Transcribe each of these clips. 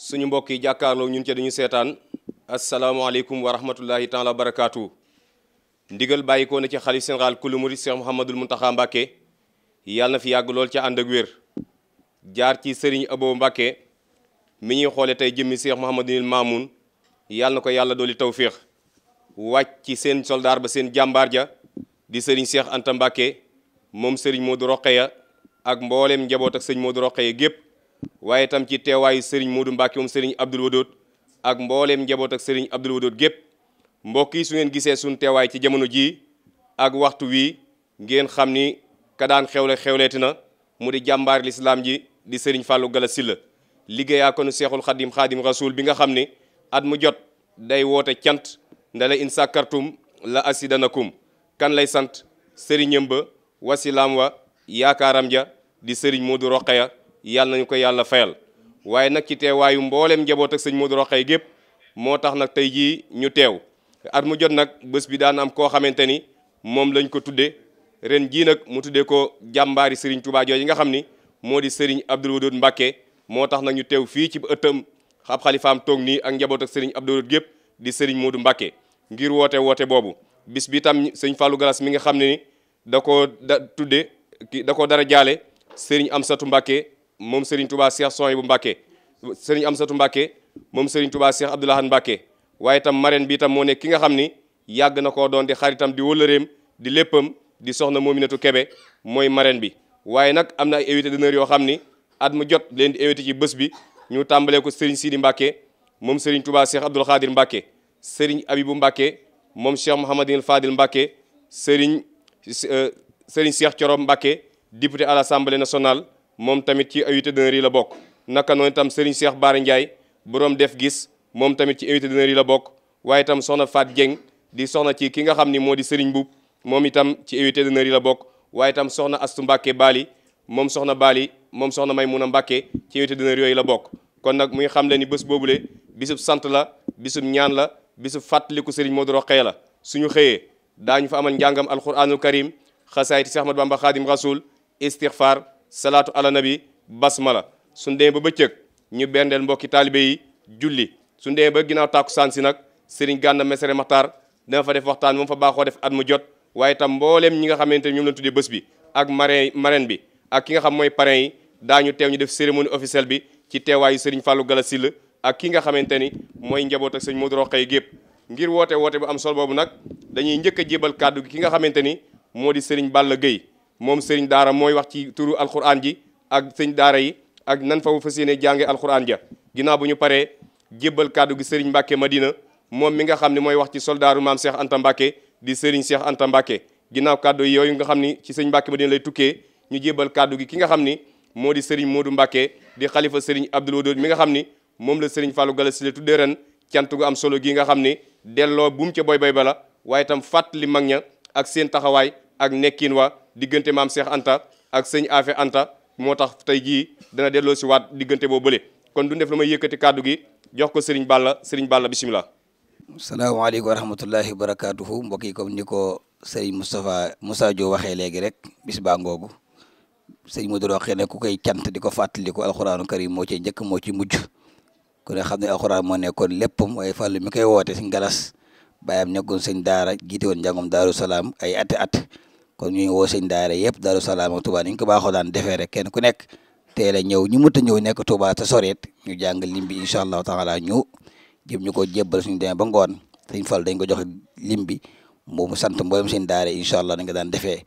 suñu mbokk yi jàkkaarloo ñun ca dañu seetaan asalaamaaleykum wa rahmatullahi taala wa barakaatu. ndigal bàyyi ko na ci xalif général kulu murid Cheikh Mouhamadul Mountakha Mbacké yàlla na fi yàgg lool ca ànd ak wér jaar ci Serigne Abo Mbacké mi ñuy xoole tey jëmmi Cheikh Mouhamadul Mamoun yàlla na ko yàlla dooli tawfiix wàcc ci seen soldaar ba seen jàmbaar ja di sëriñ Cheikh Anta Mbacké moom Serigne Modou Rokhaya ak mboolem njaboot ak sëñ Modou Rokhaya gépp waaye itam ci teewaayu Serigne Modou Mbacke moom Serigne Abdoul Wadoud ak mbooleem njaboot ak Serigne Abdoul Wadoud gépp mbokk yi su ngeen gisee suñ teewaay ci jamono ji ak waxtu wii ngeen xam ni ka daan xewle xewleeti na mu di jàmbaar lislaam ji di Serigne Fallou gala Syll liggéeyaa ko nu seexul xadim xadim rasul bi nga xam ni at mu jot day woote cant nda la in sàkkartum la asidanakum kan lay sant sëriñam ba wasilaam wa yaakaaram ja di sëriñ Modou Rokhaya yàlla nañu ko yàlla fayal waaye nag ci teewaayu mbooleem njaboot ak sëñ Modou Rokhaya gépp moo tax nag tey jii ñu teew at mu jot nag bés bi daan am koo xamante ni moom lañ ko tudde ren jii nag mu tuddee ko jàmbaari Serigne Touba jooju nga xam ni moo di sëriñ Abdoul Wadoud Mbacké moo tax nag ñu teew fii ci ëttam ab xalifaam toog nii ak njaboot ak Serigne Abdoul gépp di Serigne Modou Mbacké ngir woote woote boobu bis bi tam sëñ Fallou Galas mi nga xam ne da koo da tudde da koo dara jaale Serigne Amsatou Mbacké moom Serigne Touba Cheikh Sohaibou Mbacké Serigne Amsatou Mbacké moom Serigne Touba Cheikh Abdou Lahad Mbacké waaye tam marraine bi tam moo nekk ki nga xam ni yàgg na koo doon di xaritam di wëllëreem di léppam di soxna Mominatou kebe mooy marraine bi waaye nag am na ay invité d'honneur yoo xam ni at mu jot leen di invité ci bés bi ñu tàmbalee ko Serigne Sidi Mbacké moom Serigne Touba Cheikh Abdoul Khadir Mbacké Serigne Abibou Mbacké moom Cheikh Mouhamadinil Fadil Mbacké Serigne euh, Serigne Cheikh Thioro Mbacké député à l'Assemblée nationale moom tamit ci invité d'honneur yi la bokk naka noonu tam Serigne Cheikh Bara Ndiaye boroom def gis moom tamit ci invité d'honneur yi la bokk waaye itam soxna Faat Dieng di soxna ci ki nga xam ni moo di Serigne Boub moom itam ci invité d'honneur yi la bokk waaye itam soxna Astu Mbàkke Baali moom soxna Baali moom soxna may Maymuna Mbàkke ci invité d'honneur yooyu la bokk kon nag muy xam le ni bés le bisub sant la bisub ñaan la bisub fàttaliku moo Modou Rokhaya la su ñu xëyee daañu fa amal njàngam alquranul karim xasaayiti Cheikh Ahmadou Bamba Khadim Rasoul istighfar salaatu ala nabi basmala suñ demee ba bëccëg ñu bendeel mbokki taalibe yi julli suñ demee ba ginnaaw tàkkusaan si nag Serigne Gana Messere Maxtaar dana fa def waxtaan moom fa baaxoo def at mu jot waaye tam mbooleem ñi nga xamante ni ñoom lañ tuddee bés bi ak marraine marraine bi ak ki nga xam mooy parrain yi daañu teew ñu def cérémonie officielle bi ci teewaayu Serigne Fallou Gala Sill ak ki nga xamante ni mooy njaboot ak sëñ Modou Rokhaya gépp ngir woote woote bu am solo boobu nag dañuy njëkk a jébal kàddu gi ki nga xamante ni moo di Serigne Balla Gueye moom sëriñ daara mooy wax ci turu alxuraan ji ak sëñ daara yi ak nan fa fas yéene jànge alxuraan ja ginnaaw bu ñu paree jébbal kàddu gi sëriñ Mbacke Madina moom mi nga xam ne mooy wax ci soldaaru maam Cheikh Anta di sëriñ Cheikh Anta Mbacke ginnaaw kàddu yooyu nga xam ni ci sëriñ Mbacke Madina lay tukkee ñu jébbal kàddu gi ki nga xam ni moo di sëriñ Modou Mbacke di xalifa sëriñ Abdoul Wadoud mi nga xam ni moom la sëriñ Fallou Galass la tuddee ren cant gu am solo gi nga xam ni delloo buum ca boy boy ba la waaye itam fàttali mag ña ak seen taxawaay ak nekkin wa diggante maam Cheikh Anta ak sëñ Afe Anta moo tax tey jii dana delloo si diggante boo bële kon du def lu may yëkkati kàddu gi jox ko Serigne Balla Serigne Balla bisimilah. salaamaaleykum wa rahmatullahi wa barakaatuhu mbokk yi comme ni ko Serigne Moustapha Moussa Diop waxee léegi rek bis baa ngoogu sëñ Modou Rokhaya ne ku koy cant di ko fàttali ko alxuraanu karim moo ci njëkk moo ci mujj ku ne xam ne alxuraan moo nekkoon lépp mooy fàllu mi koy woote si ngalas bàyyam nekkoon sëñ daara jiite woon njàngum daaru salaam ay ati at kon ñuy woo sëñ daara yëpp Daaru Salaam ak Touba ni ko baaxoo daan defee rek kenn ku nekk teel a ñëw ñu nekk Touba te soreet ñu jàng lim bi incha allahu taala ñu jëm ñu ko jébbal suñu demee ba ngoon sëñ Fall dañ ko joxe lim bi mu sant mboolem sëñ daara incha allah dañ ko daan defee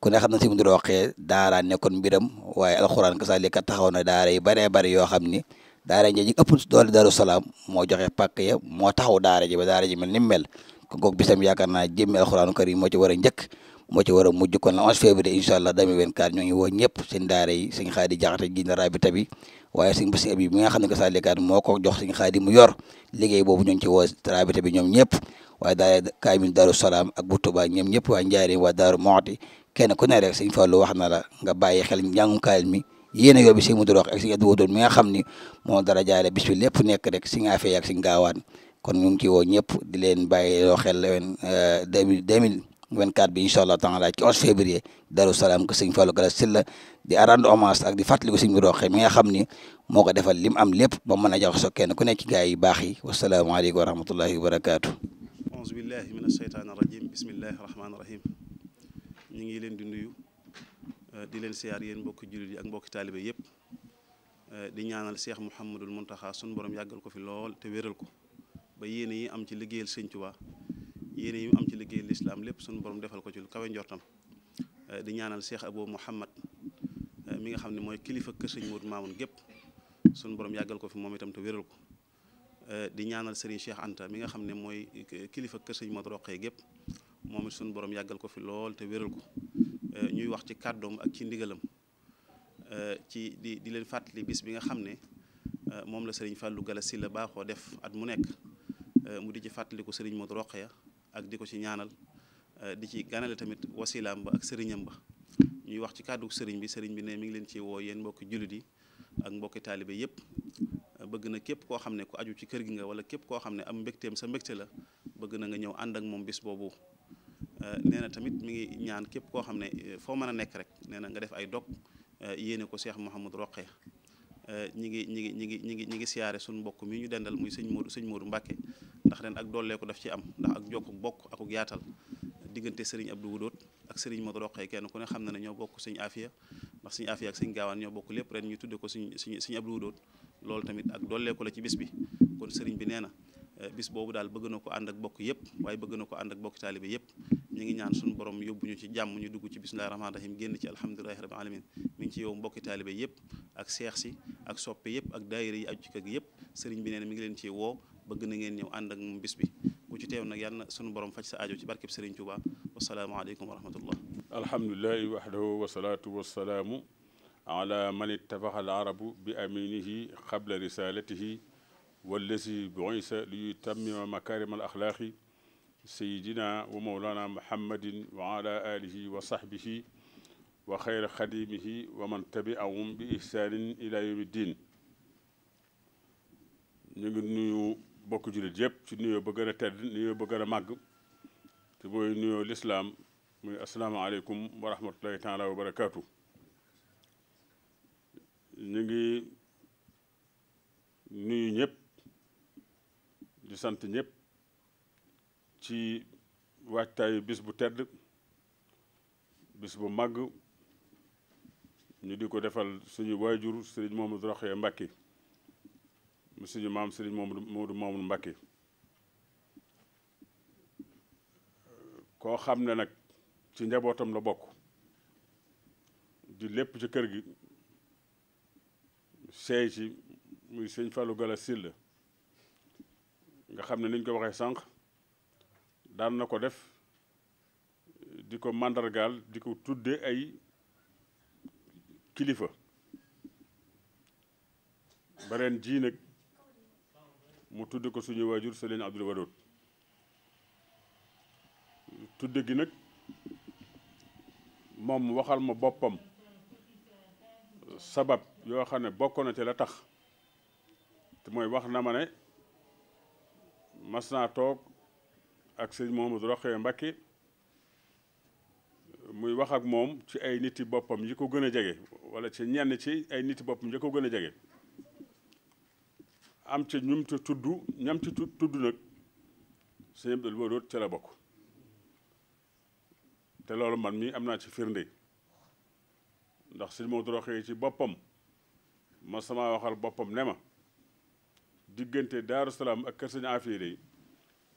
ku ne xam na si mu roqee daara nekkoon mbiram waaye alxuraan ka saalika taxaw na daara yi baree bari yoo xam ni daara ji ëpp doole Daaru Salaam moo joxe pàkk ya moo taxaw daara ji ba daara ji mel ni mu mel kon kooku bisam yaakaar naa jëmmi alxuraanu karim moo ci war a njëkk moo ci war a mujj kon la 11 février incha allah 2024 ñoo ngi woo ñëpp seen daara yi sëñ xaadi jaxate gi na rabita waaye sëñ mi nga xam ne ko saalikaat moo ko jox sëñ xaadi mu yor liggéey boobu ñoo ngi ci woo rabita bi ñoom ñëpp waaye daara kaamin daaru salaam ak bu Tuubaa ñoom ñëpp waa njaareen waa daaru moxti kenn ku ne rek sëñ Fallou wax na la nga bàyyi xel njàngum kaayil mi yéen a yóbbi sëñ Mudu Rox ak sëñ mi nga xam ni moo dara jaale bis bi lépp nekk rek ak sëñ Gaawaan kon ñu ngi ci woo ñëpp di leen bàyyi loo xel leen 2000 euh, 2000 24 bi incha allah taala ci 11 février Darou Salaam ko sëñ Fallou Galass Syll di rendre hommage ak di fàttaliku sëñ bi Roxe mi nga xam ni moo ko defal lim am lépp ba mën a jox so kenn ku nekk ci gaa yi baax yi wasalaamaaleykum wa rahmatullahi wa barakaatu. auzu billahi mina shaytaani rajim bismillahi rahmaani rahim ñu ngi leen di nuyu eh, di leen siyaar yéen mbokki jullit yi ak mbokki taalibe yëpp eh, di ñaanal Cheikh Mouhamadul Mountakha sunu borom yàggal ko fi lool te wéral ko ba yéen yi am ci liggéeyal sëñ Tuubaa yéene yi am ci liggéey lislaam lépp suñu borom defal ko ci lu kawe njortam eh, di ñaanal Cheikh Abou Mouhamad eh, mi nga xam ne mooy kilifa kësëñ sëñ Modou Mamoun gépp suñu borom yàggal ko fi moom itam te wéral ko eh, di ñaanal Serigne Cheikh Anta mi nga xam ne mooy kilifa kër sëñ gépp moom suñu borom yàggal ko fi lool te wéral ko ñuy wax ci kàddoom ak ci ndigalam ci di di leen fàttali bis bi nga xam ne moom la seriñ fàllu Gala si Sylla baaxoo def at mu nekk mu di ci fàttaliku Serigne Modou Roqee ak di ko ci ñaanal euh, di ci ganale tamit wasilaam ba ak sëriñam ba ñuy wax ci kàddu sëriñ bi sëriñ bi ne mi ngi leen ci woo yéen mbokki jullit yi ak mbokki taalibe yépp bëgg na képp koo xam ne ko aju ci kër gi nga wala képp koo xam ne am mbégteem sa mbégte la bëgg na nga ñëw ànd ak moom bis boobu euh, nee na tamit mu ngi ñaan képp koo xam ne euh, foo mën a nekk rek nee na nga def ay dog yéene ko Cheikh Mouhamadou Roqe ñi ngi ñi ngi ñi ngi ñi ngi ñi ngi siyaare suñu mbokk mi ñu dendal muy sëñ Modou sëñ Modou Mbacke ndax ren ak dooleeku daf ci am ndax ak jokk bokk ak yaatal diggante sëriñ Abdou Wudoot ak sëriñ Modou Rokhaya kenn ku ne xam na ne ñoo bokk sëñ Afia ndax sëñ Afia ak sëñ Gaawaan ñoo bokk lépp ren ñu tudde ko sëñ sëñ sëñ Abdou Wudoot loolu tamit ak dooleeku la ci bis bi kon sëriñ bi nee na eh, bis boobu daal bëgg na ko ànd bokk yëpp waaye bëgg na ko ànd ak bokk taalibe yëpp ñu ngi ñaan suñu borom yóbbu ñu ci jàmm ñu dugg ci bis rahmaani rahim génn ci alhamdulilahi rabbil alamin mi ngi ci yow mbokki taalibe yëpp ak seex si ak soppe yëpp ak daayira yi aju kër yëpp sëriñ bi nee na mi ngi leen ci woo bëgg na ngeen ñëw ànd ak moom bis bi ku ci teew nag yàlla na sunu borom faj sa aajo ci barkeb Serigne Touba wasalaamualeykum wa rahmatullah alhamdulilahi wahdahu wasalaatu wasalaamu ala man ittafaxa al arabu bi aminihi qabla risalatihi wallazi buisa li yutammima makarima al axlaaqi sayidina wa mawlana muhammadin wa ala alihi wa sahbihi wa xayra xadimihi wa man tabiahum bi ihsanin ila yawmi ddin ñu ngi nuyu bokk jullit yëpp ci nuyoo ba gën a tedd nuyoo ba gën a màgg te booy nuyoo lislaam muy asalaamaaleykum wa rahmatullahi taala barakaatu ñu ngi nuyu ñëpp di sant ñëpp ci waajtaayu bis bu tedd bis bu màgg ñu di ko defal suñu waajur sëriñ Mamadou Rokhaya mbakki mu suñu maam Serigne Modou Mamoun Mbacké koo xam ne nag ci njabootam la bokk di lépp ci kër gi seey ci muy sëñ falu Gala Sylla nga xam ne ni ñu ko waxee sànq daan na ko def di ko màndargaal di ko tudde ay kilifa bareen jii nag mu tudd ko suñu waajur Sëriñ Abdul Wadoud tudd gi nag moom waxal ma boppam sabab yoo xam ne bokk na ci la tax te mooy wax na ma ne mas naa toog ak sëñ Mouhamadou Rokhaya Mbacké muy wax ak moom ci ay niti boppam yi ko gën a jege wala ci ñenn ci ay niti boppam yi ko gën a jege am ci ñum ci tudd ñam ci tudd nag sëñ Abdul Wadood ca la bokk te loolu man mii am naa ci firnde ndax sëñ Maodo Roxee ci boppam ma sama waxal boppam ne ma diggante Daaru Salaam ak kër sëñ Afia day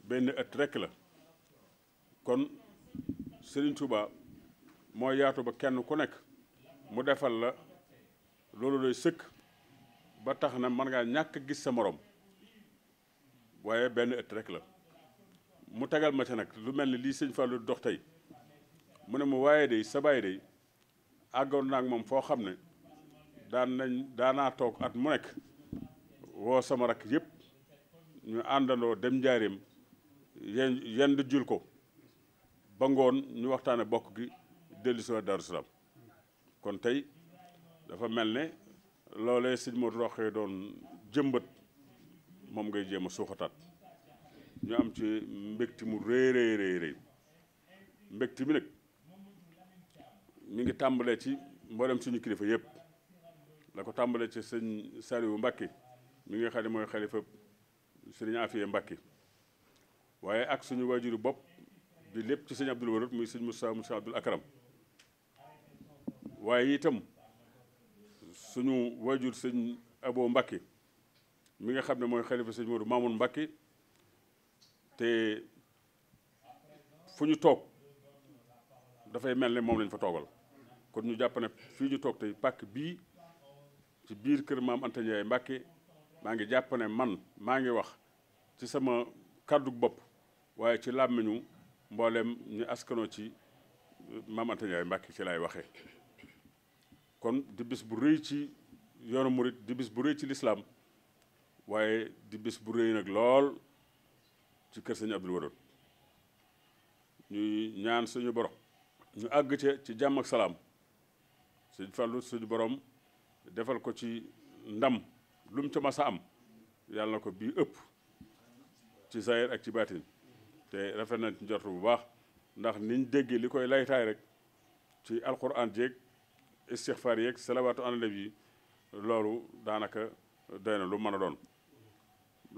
benn ëtt rekk la kon Sëriñ Tuuba mooy yaatu ba kenn ku nekk mu defal la loolu day sëkk ba tax na mën ngaa ñàkk gis sa morom waaye benn ëtt rek la mu tegal ma ci nag lu mel ni lii sëñ Fallou dox tey mu ne mu waaye day sa day àggoon nag moom foo xam ne daan nañ daanaa toog at mu nekk woo sama rakk yëpp ñu àndandoo dem njaareem yen yendu jul ko ba ngoon ñu waxtaane bokk gi dellusi wa Daaru kon tey dafa mel ne loolee sëñ Modou Rokhaya doon jëmbat moom ngay jéem a suuxataat ñu am ci mbégti mu rëy rëy rëy mbégti mi nag mi ngi tàmbalee ci mboolem suñu kilifa yëpp la ko tàmbalee ci sëñ sariwu Mbacké mu ngi xale mooy xalifa sëriñ Afiye Mbacké waaye ak suñu waajuru bopp di lépp ci sëñ Abdoul Warad muy sëñ Moussa Moussa Abdoul Akram waaye itam suñu waajur sëñ Abo Mbakke mi nga xam ne mooy xalifa sëñ Modou Mamoun Mbakke te fu ñu toog dafay mel ne moom lañ fa toogal kon ñu jàpp ne fii ñu toog tey pàkk bii ci biir kër maam Anta Ndiaye Mbakke maa ngi jàpp ne man maa ngi wax ci sama kàddu bopp waaye ci làmmiñu mboolem ñu askanoo ci maam Anta Ndiaye Mbakke ci lay waxee. kon di bu rëy ci yoonu murit di bis bu rëy ci lislaam waaye di bu rëy nag lool ci kër sëñ Abdul Wadoud ñuy ñaan suñu borom ñu àgg ca ci jàmm ak salaam sëñ Fallou suñu borom defal ko ci ndam lum mu ca mas am yàlla na ko bii ëpp ci saayir ak ci baatin te rafet na ci njort bu baax ndax niñ déggee li koy laytaay rek ci alquran jéeg istixfaar yeeg salawaatu ala nabi loolu daanaka doy na lu mën a doon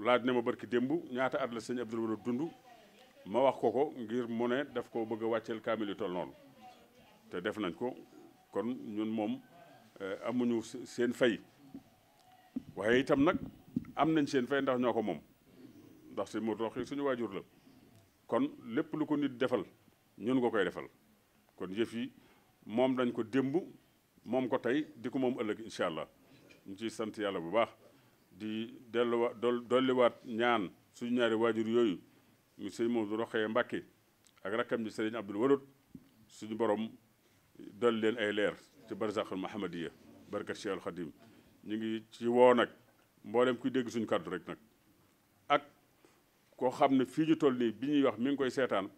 laaj ne ma barki démb ñaata at la sëñ Abdul Wadoud dund ma wax ko ko ngir mu ne daf ko bëgg a wàcceel kaamil yu toll noonu te def nañ ko kon ñun moom eh, amuñu seen fay waaye itam nag am nañ seen fay ndax ñoo ko moom ndax si moto xi suñu waajur la kon lépp lu ko nit defal ñun ko koy defal kon jëf yi moom dañ ko démb moom ko tey di ko moom ëllëg incha allah ñu ciy sant yàlla bu baax di delluwaat dolliwaat ñaan suñu ñaari waajur yooyu mu sëñ Modou Rokhaya Mbacké ak rakkam ji sëriñ Abdul Wadud suñu borom dolli leen ay leer ci barzaxul mahamadiya barkat Cheikhul Khadim ñu ngi ci woo nag mboolem kuy dégg suñu kàddu rek nag ak koo xam ne fii ñu toll nii bi ñuy wax mi ngi koy seetaan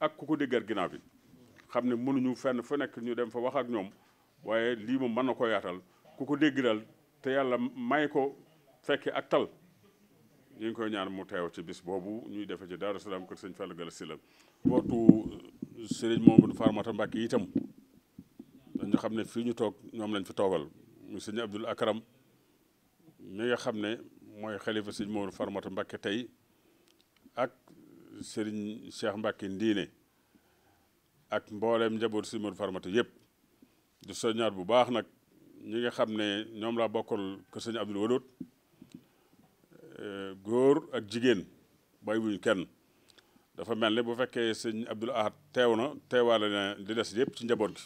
ak ku ko déggal ginnaaw bi xam ne mënuñu fenn fo nekk ñu dem fa wax ak ñoom waaye lii moom mën na ko yaatal ku ko dégg daal te yàlla may ko fekke ak tal ñu ngi koy ñaan mu teew ci bis boobu ñuy defe ci Daaru Salaam kër sëñ Fallou Galass Sylla waxtu euh, sëriñ Mamadou Farmata Mbàkke itam dañu xam ne fii ñu toog ñoom lañ fi toogal mu sëñ Abdoul Akram mi nga xam ne mooy xalifa sëñ Mamadou Farmata Mbàkke tey ak sëriñ Cheikh Mbàkke Ndiine ak mbooleem njaboot sëñ Mamadou Farmata yëpp du soññaat bu baax nag ñi nga xam ne ñoom laa bokkoon ko sëñ Abdul eh, góor ak jigéen bàyyi wuñ kenn dafa mel ne bu fekkee sëñ Abdul Ahad teew na teewaale na li des yëpp ci njaboot gi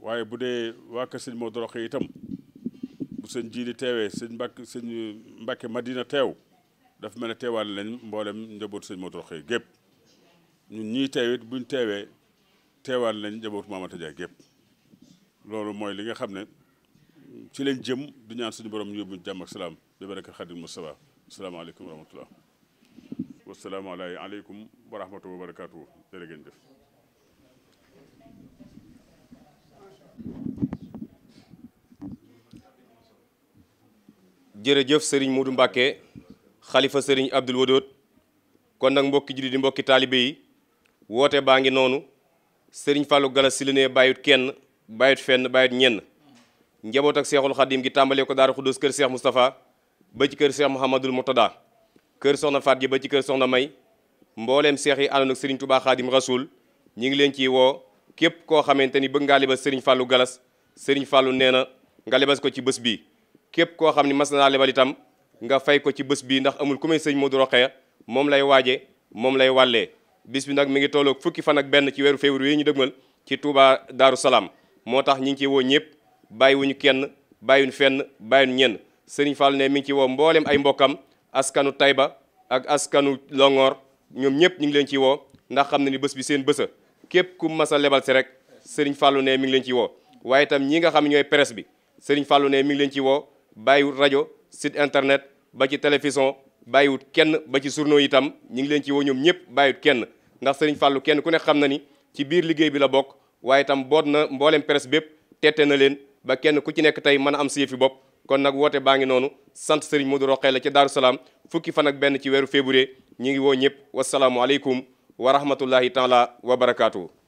waaye bu dee waa kër sëñ Modou itam bu sëñ jiili teewee sëñ Mbàkke sëñ Mbàkke Madina teew dafa mel ne teewaale lañ mboolem njaboot sëñ Modou gépp ñun ñii teewit buñ teewee teewaale lañ njaboot Maamata Jaay gépp loolu mooy li nga xam ne ci leen jëm du ñaan suñu borom yóbbu jàmm ak salaam bi baraka xadim Mustafa asalaamaaleykum wa rahmatullah wasalaamaaleykum wa rahmatulah wa jëf jërëjëf sëriñ Modou Mbacké xalifa sëriñ Abdoul Wadoud kon nag mbokki jullit di mbokki taalibe yi woote baa ngi noonu sëriñ Fallou Galass si la ne kenn bàyyit fenn bàyyit ñenn njaboot ak seexul xadim gi tàmbalee ko daara xudus kër seex Moustapha ba ci kër seex Mouhamadul Moutada kër soxna Faat ji ba ci kër soxna May mbooleem seex yi àndoon ak Serigne Touba Xadim Rasoul ñu ngi leen ci woo képp koo xamante ni bëgg lebal Serigne Fallou Galas Serigne Fallou nee na nga lebal ko ci bés bii képp koo xam ne mas naa lebal itam nga fay ko ci bës bii ndax amul ku may sëñ Modou Rokhaya moom lay waaje moom lay wàllee bis bi nag mi ngi tolloog fukki fan ak benn ci weeru février yi ñu dëgmal ci Touba Daaru Salaam moo tax ñi ngi ci woo ñëpp bàyyiwuñu kenn bàyyiwuñu fenn bàyyiwuñu ñenn Serigne Fall ne mi ngi ci woo mboolem ay mbokkam askanu Tayba ak askanu Longoor ñoom ñëpp ñu ngi leen ci woo ndax xam na ni bés bi seen bësa képp ku mas a lebal si rek Serigne Fallou ne mi ngi leen ci woo waaye itam ñi nga xam ñooy presse bi sëriñ Fallou ne mi ngi leen ci woo bàyyiwut rajo site internet ba ci télévision bàyyiwut kenn ba ci journaux yi itam ñu ngi leen ci woo ñoom ñëpp bàyyiwut kenn ndax Serigne Fallou kenn ku ne xam na ni ci biir liggéey bi la bokk waaye itam boot na mboolem presse bépp teete na leen ba kenn ku ci nekk tey mën a am si fi bopp kon nag woote baa ngi noonu sant Serigne Modou Rokhaya la ci Daaru Salaam fukki fan ak benn ci weeru février ñu ngi woo ñëpp wasalaamualeykum wa rahmatullahi taala wa barakaatu.